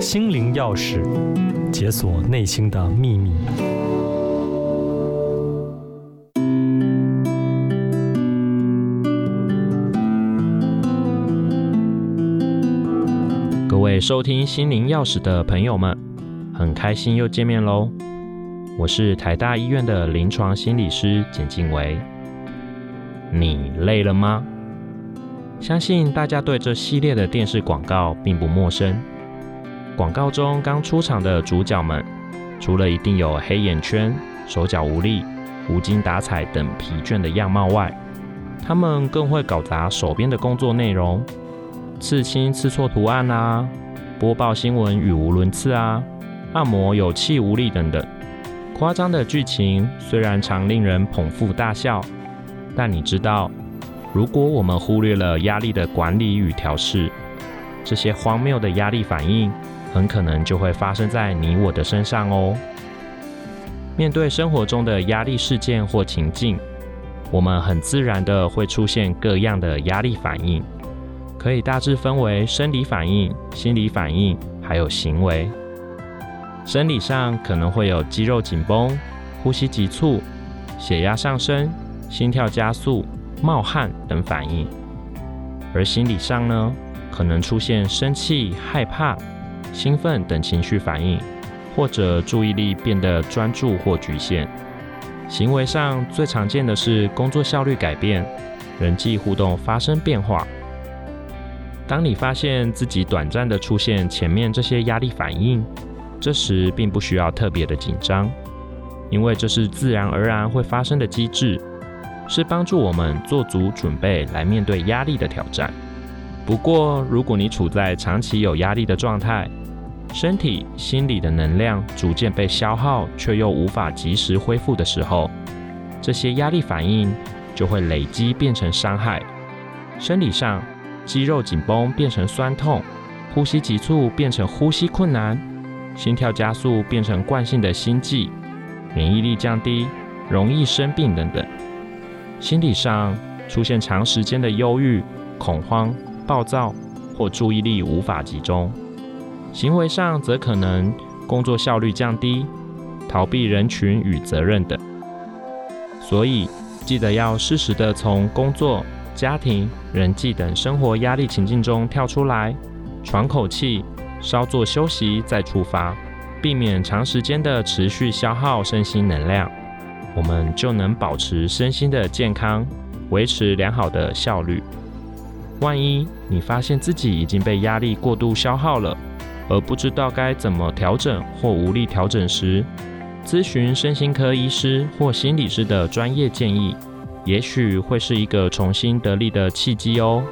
心靈鑰匙，解鎖內心的祕密。各位收聽心靈鑰匙的朋友們，很開心又見面嘍！我是台大醫院的臨床心理師簡靜維。你累了嗎？相信大家對這系列的電視廣告並不陌生。廣告中剛出場的主角們，除了一定有黑眼圈、手腳無力、無精打采等疲倦的樣貌外，他們更會搞砸手邊的工作內容，刺青刺錯圖案啊，播報新聞語無倫次啊，按摩有氣無力等等。誇張的劇情雖然常令人捧腹大笑，但你知道，如果我們忽略了壓力的管理與調試，這些荒謬的壓力反應，很可能就會發生在你我的身上哦。面對生活中的壓力事件或情境，我們很自然的會出現各樣的壓力反應，可以大致分為生理反應、心理反應，還有行為。生理上可能會有肌肉緊繃、呼吸急促、血壓上升、心跳加速、冒汗等反應。而心理上呢，可能出現生氣、害怕。興奮等情緒反應，或者注意力變得專注或局限。行為上最常見的是工作效率改變，人際互動發生變化。當你發現自己短暫的出現前面這些壓力反應，這時並不需要特別的緊張，因為這是自然而然會發生的機制，是幫助我們做足準備來面對壓力的挑戰。不過，如果你處在長期有壓力的狀態，身體、心理的能量逐漸被消耗，卻又無法及時恢復的時候，這些壓力反應就會累積變成傷害。生理上，肌肉緊繃變成痠痛，呼吸急促變成呼吸困難，心跳加速變成慣性的心悸，免疫力降低，容易生病等等。心理上出現長時間的憂鬱、恐慌。暴躁或注意力無法集中，行為上則可能工作效率降低、逃避人群與責任等。所以，記得要適時的從工作、家庭、人際等生活壓力情境中跳出來，喘口氣，稍作休息再出發，避免長時間的持續消耗身心能量，我們就能保持身心的健康，維持良好的效率。萬一你發現自己已經被壓力過度消耗了，而不知道該怎麼調整或無力調整時，諮詢身心科醫師或心理師的專業建議，也許會是一個重新得力的契機哦。